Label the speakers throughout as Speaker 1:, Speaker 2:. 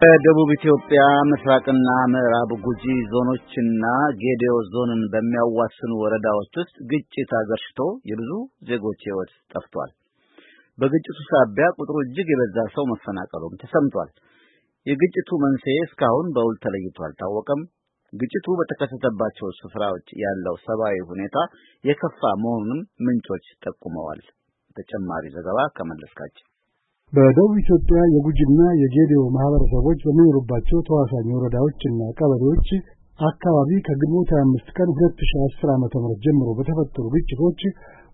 Speaker 1: በደቡብ ኢትዮጵያ ምስራቅና ምዕራብ ጉጂ ዞኖችና ጌዲዮ ዞንን በሚያዋስኑ ወረዳዎች ውስጥ ግጭት አገርሽቶ የብዙ ዜጎች ሕይወት ጠፍቷል። በግጭቱ ሳቢያ ቁጥሩ እጅግ የበዛ ሰው መፈናቀሉም ተሰምቷል። የግጭቱ መንስኤ እስካሁን በውል ተለይቶ አልታወቀም። ግጭቱ በተከሰተባቸው ስፍራዎች ያለው ሰብአዊ ሁኔታ የከፋ መሆኑንም ምንጮች ጠቁመዋል። ተጨማሪ ዘገባ ከመለስካቸው
Speaker 2: በደቡብ ኢትዮጵያ የጉጂና የጌዴኦ ማህበረሰቦች በሚኖሩባቸው ተዋሳኝ ወረዳዎችና ቀበሌዎች አካባቢ ከግንቦት 25 ቀን 2010 ዓ.ም ጀምሮ በተፈጠሩ ግጭቶች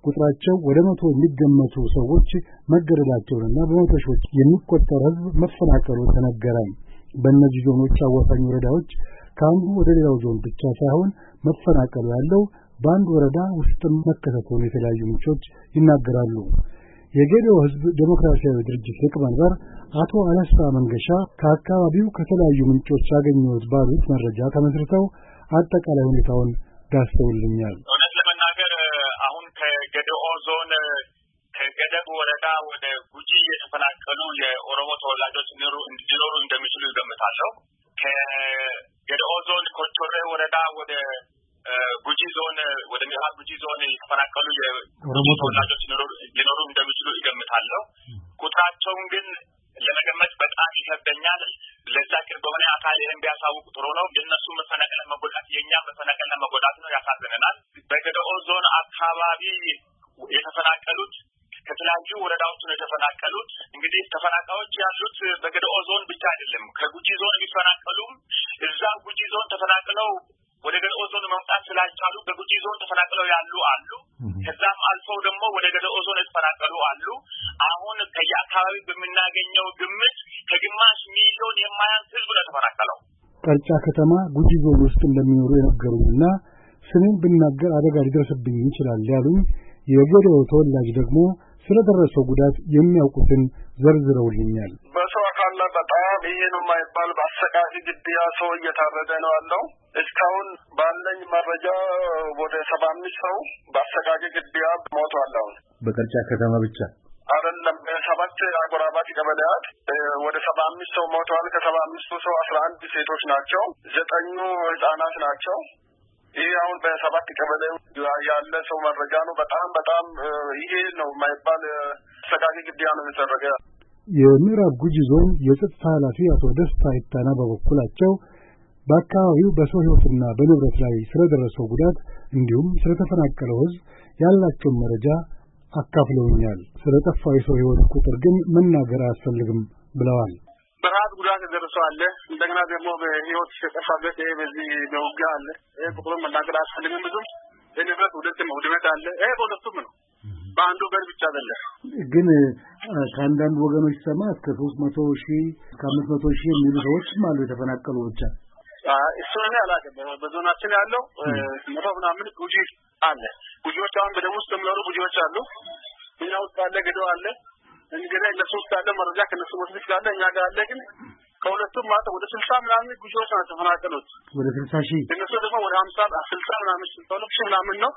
Speaker 2: ቁጥራቸው ወደ መቶ የሚገመቱ ሰዎች መገደላቸውንና በመቶ ሺዎች የሚቆጠር ህዝብ መፈናቀሉ ተነገረ። በእነዚህ ዞኖች አዋሳኝ ወረዳዎች ከአንዱ ወደ ሌላው ዞን ብቻ ሳይሆን መፈናቀሉ ያለው በአንድ ወረዳ ውስጥም መከሰቱን የተለያዩ ምንጮች ይናገራሉ። የጌዲኦ ህዝብ ዴሞክራሲያዊ ድርጅት ሊቀመንበር አቶ አለስታ መንገሻ ከአካባቢው ከተለያዩ ምንጮች ያገኘሁት ባሉት መረጃ ተመስርተው አጠቃላይ ሁኔታውን ዳስተውልኛል።
Speaker 3: እውነት ለመናገር አሁን ከገዲኦ ዞን ከገደብ ወረዳ ወደ ጉጂ የተፈናቀሉ የኦሮሞ ተወላጆች እንዲኖሩ እንደሚችሉ ይገምታለሁ። ከገዲኦ ዞን ኮቾሬ ወረዳ ወደ ጉጂ ዞን ወደ ምዕራብ ጉጂ ዞን የተፈናቀሉ የኦሮሞ ተወላጆች ሊኖሩ እንደሚችሉ ይገምታለሁ። ቁጥራቸውን ግን ለመገመት በጣም ይከብደኛል። ለዛ ቅርብ በሆነ አካል ይህን ቢያሳውቁ ጥሩ ነው። የእነሱ መፈናቀል መጎዳት የእኛ መፈናቀል መጎዳት ነው፣ ያሳዝነናል። በገደኦ ዞን አካባቢ የተፈናቀሉት ከተለያዩ ወረዳዎች ነው የተፈናቀሉት። እንግዲህ ተፈናቃዮች ያሉት በገደኦ ዞን ብቻ አይደለም፣ ከጉጂ ዞን የሚፈናቀሉም እዛ ጉጂ ዞን ተፈናቅለው ወደ ገደኦ ዞን መምጣት ስላልቻሉ በጉጂ ዞን ተፈናቅለው ያሉ አሉ። ከዛም አልፈው ደግሞ ወደ ገደኦ ዞን የተፈናቀሉ አሉ። አሁን ከየአካባቢ በምናገኘው ግምት ከግማሽ ሚሊዮን የማያንስ
Speaker 2: ህዝብ ነው የተፈናቀለው። ቀርጫ ከተማ ጉጂ ዞን ውስጥ እንደሚኖሩ የነገሩኝና ስሜን ብናገር አደጋ ሊደርስብኝ ይችላል ያሉኝ የገደኦ ተወላጅ ደግሞ ስለደረሰው ጉዳት የሚያውቁትን ዘርዝረውልኛል።
Speaker 1: አለ። በጣም ይሄ ነው የማይባል በአሰቃቂ ግድያ ሰው እየታረደ ነው ያለው። እስካሁን ባለኝ
Speaker 2: መረጃ ወደ ሰባ አምስት ሰው በአሰቃቂ ግድያ ሞቷል። አሁን በቅርጫ ከተማ ብቻ አይደለም ሰባት አጎራባች ቀበሌያት ወደ ሰባ አምስት ሰው ሞተዋል።
Speaker 1: ከሰባ አምስቱ ሰው አስራ አንድ ሴቶች ናቸው፣ ዘጠኙ ህጻናት ናቸው። ይህ አሁን በሰባት ቀበሌ ያለ ሰው መረጃ ነው። በጣም በጣም ይሄ ነው የማይባል አሰቃቂ ግድያ ነው የተደረገ።
Speaker 2: የምዕራብ ጉጂ ዞን የጸጥታ ኃላፊ አቶ ደስታ ኢታና በበኩላቸው በአካባቢው በሰው ሕይወትና በንብረት ላይ ስለደረሰው ጉዳት እንዲሁም ስለተፈናቀለው ሕዝብ ያላቸውን መረጃ አካፍለውኛል። ስለ ጠፋው የሰው ሕይወት ቁጥር ግን መናገር አያስፈልግም ብለዋል።
Speaker 1: በረሀብ ጉዳት የደረሰው አለ። እንደገና ደግሞ በሕይወት የጠፋበት ይሄ በዚህ በውጊያ አለ። ይሄ ቁጥሩን መናገር አያስፈልግም። ብዙም የንብረት ውድመት አለ። ይሄ በሁለቱም ነው፣ በአንዱ ገር ብቻ
Speaker 2: አይደለም ግን ከአንዳንድ ወገኖች ሰማ እስከ ሶስት መቶ ሺህ እስከ አምስት መቶ ሺህ የሚሉ ሰዎችም አሉ የተፈናቀሉ ብቻ
Speaker 1: እሱ እኔ አላውቅም። በዞናችን ያለው መቶ ምናምን ጉጂ አለ። ጉጂዎች አሁን በደቡብ ውስጥ የሚኖሩ ጉጂዎች አሉ። እኛ ውስጥ አለ፣ ገዶ አለ። እንግዲህ እነሱ ውስጥ ያለ መረጃ ከነሱ ወስድ ካለ እኛ ጋር አለ። ግን ከሁለቱም ማለት ወደ ስልሳ ምናምን ጉጂዎች ነው የተፈናቀሉት።
Speaker 2: ወደ ስልሳ ሺ እነሱ
Speaker 1: ደግሞ ወደ ሀምሳ ስልሳ ምናምን ስልሳ ሁለት ሺ ምናምን ነው።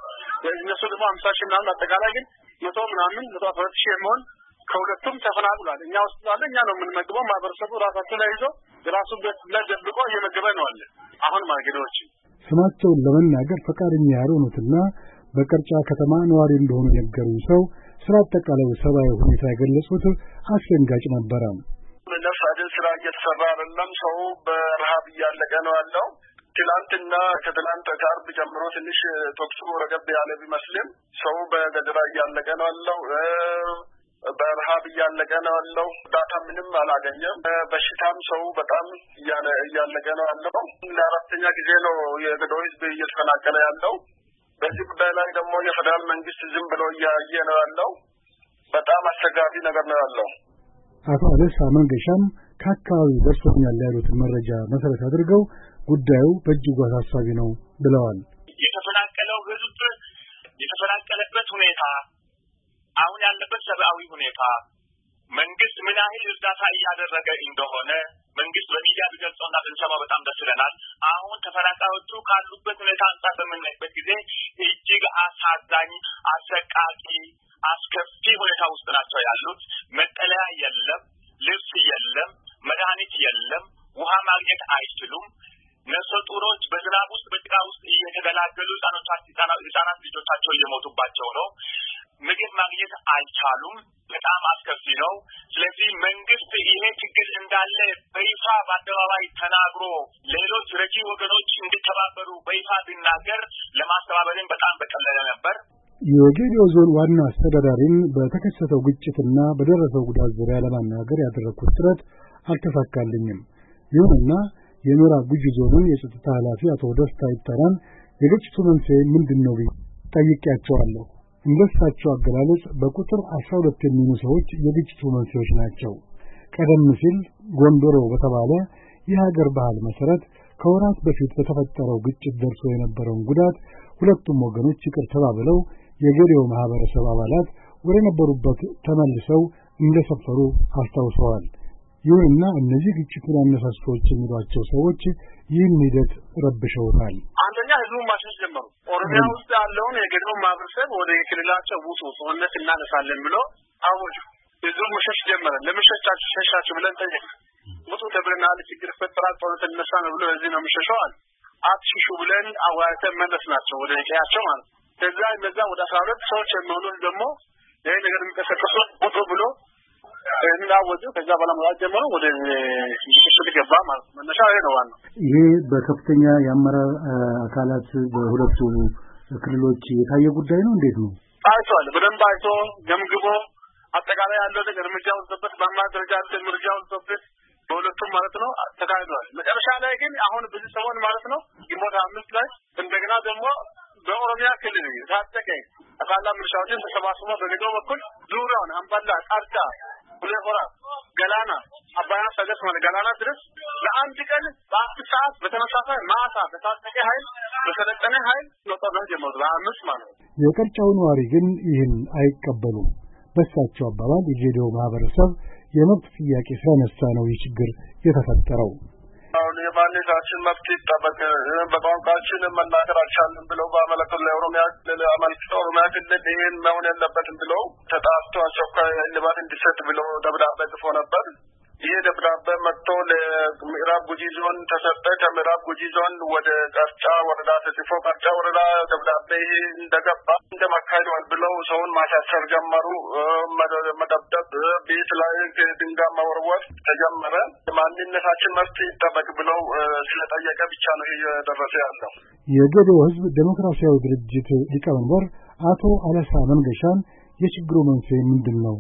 Speaker 1: እነሱ ደግሞ ሀምሳ ሺ ምናምን አጠቃላይ ግን መቶ ምናምን መቶ አስራ ሁለት ሺ የሚሆን ከሁለቱም ተፈናቅሏል። እኛ ውስጥ ያለ እኛ ነው የምንመግበው። ማህበረሰቡ ራሳቸው ላይ ይዞ ራሱ ቤት ላይ ደብቆ እየመገበ ነው አለ። አሁን ማገዶዎች
Speaker 2: ስማቸውን ለመናገር ፈቃደኛ ያልሆኑትና በቅርጫ ከተማ ነዋሪ እንደሆኑ የነገሩ ሰው ስለ አጠቃላይ ሰብአዊ ሁኔታ የገለጹት አስደንጋጭ ነበረ። ነፍስ
Speaker 1: አድን ስራ እየተሰራ አይደለም። ሰው በረሀብ እያለቀ ነው ያለው። ትላንትና ከትላንት ከአርብ ጀምሮ ትንሽ ተኩሱ ረገብ ያለ ቢመስልም ሰው በገደራ እያለቀ ነው ያለው። በረሀብ እያለቀ ነው ያለው። እርዳታ ምንም አላገኘም። በሽታም ሰው በጣም እያለቀ ነው ያለው። ለአራተኛ ጊዜ ነው የገዶ ህዝብ እየተፈናቀለ ያለው። በዚህ ጉዳይ ላይ ደግሞ የፌዴራል መንግስት ዝም ብሎ እያየ ነው ያለው። በጣም አስቸጋሪ
Speaker 2: ነገር ነው ያለው። አቶ አደሳ መንገሻም ከአካባቢ ደርሶኛል ያሉትን መረጃ መሰረት አድርገው ጉዳዩ በእጅጉ አሳሳቢ ነው ብለዋል። የተፈናቀለው
Speaker 3: ህዝብ የተፈናቀለበት ሁኔታ አሁን ያለበት ሰብአዊ ሁኔታ መንግስት ምን ያህል እርዳታ እያደረገ እንደሆነ መንግስት በሚዲያ ቢገልጸውና ብንሰማው በጣም ደስ ይለናል። አሁን ተፈናቃዮቹ ካሉበት ሁኔታ አንጻር በምናይበት ጊዜ እጅግ አሳዛኝ፣ አሰቃቂ፣ አስከፊ ሁኔታ ውስጥ ናቸው ያሉት። መጠለያ የለም፣ ልብስ የለም፣ መድኃኒት የለም፣ ውሃ ማግኘት አይችሉም። ነፍሰ ጡሮች በዝናብ ውስጥ በጭቃ ውስጥ እየተገላገሉ ህጻናት ልጆቻቸው እየሞቱባቸው ነው። ምግብ ማግኘት አልቻሉም። በጣም አስከፊ ነው። ስለዚህ መንግስት ይሄ ችግር እንዳለ በይፋ በአደባባይ ተናግሮ ሌሎች ረጂ ወገኖች እንዲተባበሩ በይፋ ቢናገር ለማስተባበልን በጣም በቀለለ
Speaker 2: ነበር። የጌዲዮ ዞን ዋና አስተዳዳሪን በተከሰተው ግጭትና በደረሰው ጉዳት ዙሪያ ለማናገር ያደረግኩት ጥረት አልተሳካልኝም። ይሁንና የምዕራብ ጉጂ ዞኑን የጸጥታ ኃላፊ አቶ ደስታ ይጠራን የግጭቱ መንስኤ ምንድን ነው ብዬ ጠይቄያቸዋለሁ። እንደሳቸው አገላለጽ በቁጥር አስራ ሁለት የሚሆኑ ሰዎች የግጭቱ መንስኤዎች ናቸው። ቀደም ሲል ጎንዶሮ በተባለ የሀገር ባህል መሠረት ከወራት በፊት በተፈጠረው ግጭት ደርሶ የነበረውን ጉዳት ሁለቱም ወገኖች ይቅር ተባብለው የገሌው ማኅበረሰብ አባላት ወደ ነበሩበት ተመልሰው እንደሰፈሩ አስታውሰዋል። ይሁንና እነዚህ ግጭቱን ያነሳሱ ሰዎች የሚሏቸው ሰዎች ይህን ሂደት ረብሸውታል።
Speaker 1: አንድ ሁለተኛ ህዝቡን ማሸሽ ጀመሩ። ኦሮሚያ ውስጥ ያለውን የገድሞ ማህበረሰብ ወደ የክልላቸው ውጡ፣ ጦርነት እናነሳለን ብሎ አወጁ። ህዝቡ መሸሽ ጀመረ። ለመሸሻችሁ ሸሻችሁ ብለን ጠየቅ ውጡ ተብለናል፣ ችግር ፈጠራል፣ ጦርነት እነሳ ነው ብሎ እዚህ ነው የምሸሸው አለ። አትሽሹ ብለን አወያይተን መለስ ናቸው ወደ ቀያቸው ማለት ነው። ከዛ እነዛ ወደ አስራ ሁለት ሰዎች የሚሆኑት ደግሞ ይህ ነገር የሚቀሰቀሱ ውጡ ብሎ ይህን ከዛ በኋላ ጀመሩ። ወደ ምክክል ገባ ማለት ነው። መነሻ ይሄ ነው ዋናው።
Speaker 2: ይሄ በከፍተኛ የአመራር አካላት በሁለቱ ክልሎች የታየ ጉዳይ ነው። እንዴት ነው
Speaker 1: አይቷል? በደንብ አይቶ ገምግቦ አጠቃላይ ያለው ነገር እርምጃ ወስዶበት፣ በአመራር ደረጃ ያለ እርምጃ ወስዶበት በሁለቱም ማለት ነው ተካሂዷል። መጨረሻ ላይ ግን አሁን ብዙ ሰሞን ማለት ነው ግንቦት አምስት ላይ እንደገና ደግሞ በኦሮሚያ ክልል ታጠቀ አካላ ምርሻዎችን ተሰባስቦ በንገው በኩል ዙሪያውን አምባላ ጣርታ ሆራ ገላና አባያ ሰገስ ማለት ገላና ድረስ ለአንድ ቀን በአስር ሰዓት በተመሳሳይ ማታ በታጠቀ ኃይል በሰለጠነ ኃይል ነው ጦርነት ጀመሩት
Speaker 2: በአምስት ማለት ነው። የቀርጫው ነዋሪ ግን ይህን አይቀበሉም። በሳቸው አባባል የጌዲዮ ማህበረሰብ የመብት ጥያቄ ስላነሳ ነው ይህ ችግር የተፈጠረው። የማንነታችን መብት ይጠበቅ፣ በቋንቋችን መናገር አልቻልንም ብለው ባመለከቱ ለኦሮሚያ ክልል አመልክተው ኦሮሚያ
Speaker 1: ክልል ይህን መሆን የለበትም ብለው ተጣርቶ አስቸኳይ እልባት እንዲሰጥ ብለው ደብዳቤ ጽፎ ነበር። ይህ ደብዳቤ መጥቶ ለምዕራብ ጉጂ ዞን ተሰጠ። ከምዕራብ ጉጂ ዞን ወደ ቀርጫ ወረዳ ተጽፎ ቀርጫ ወረዳ ደብዳቤ ይህ እንደገባ እንደማካሄደዋል ብለው ሰውን ማሳሰር ጀመሩ። መደብደብ ቤት ላይ ድንጋይ መወርወር ተጀመረ። ማንነታችን መፍትሄ ይጠበቅ ብለው ስለጠየቀ ብቻ ነው እየደረሰ ያለው።
Speaker 2: የገዶ ህዝብ ዴሞክራሲያዊ ድርጅት ሊቀመንበር አቶ አለሳ መንገሻን የችግሩ መንስኤ ምንድን ነው?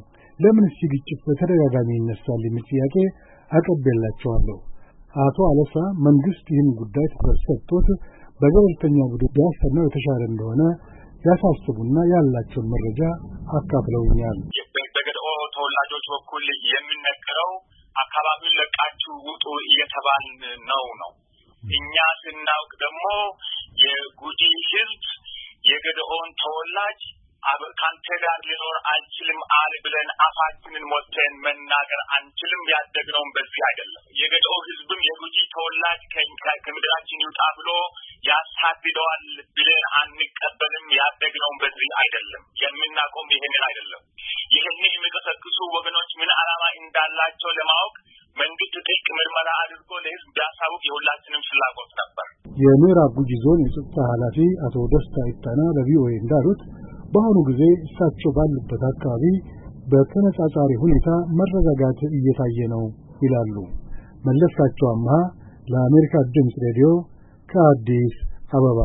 Speaker 2: ለምንስ ግጭት በተደጋጋሚ ይነሳል? የሚል ጥያቄ አቀርብላቸዋለሁ። አቶ አለሳ መንግስት ይህን ጉዳይ ትኩረት ሰጥቶት በገለልተኛ ቡድን ቢያስጠናው የተሻለ እንደሆነ ያሳስቡና ያላቸውን መረጃ አካፍለውኛል።
Speaker 3: በመንግስቶች በኩል የሚነገረው አካባቢውን ለቃችሁ ውጡ እየተባል ነው ነው። እኛ ስናውቅ ደግሞ የጉጂ ህዝብ የገድኦን ተወላጅ ከአንተ ጋር ልኖር አንችልም አል ብለን አፋችንን ሞተን መናገር አንችልም። ያደግነውም በዚህ አይደለም። የገጠው ህዝብም የጉጂ ተወላጅ ከምድራችን ይውጣ ብሎ ያሳድደዋል ብለን አንቀበልም። ያደግነውን በዚህ አይደለም። የምናቆም ይህንን አይደለም። ይህን የሚቀሰቅሱ ወገኖች ምን ዓላማ እንዳላቸው ለማወቅ መንግስት ጥልቅ ምርመራ አድርጎ ለህዝብ ቢያሳውቅ የሁላችንም ፍላጎት ነበር።
Speaker 2: የምዕራብ ጉጂ ዞን የጸጥታ ኃላፊ አቶ ደስታ ኢጣና ለቪኦኤ እንዳሉት በአሁኑ ጊዜ እሳቸው ባሉበት አካባቢ በተነጻጻሪ ሁኔታ መረጋጋት እየታየ ነው ይላሉ። መለስካቸው አምሃ ለአሜሪካ ድምፅ ሬዲዮ ከአዲስ አበባ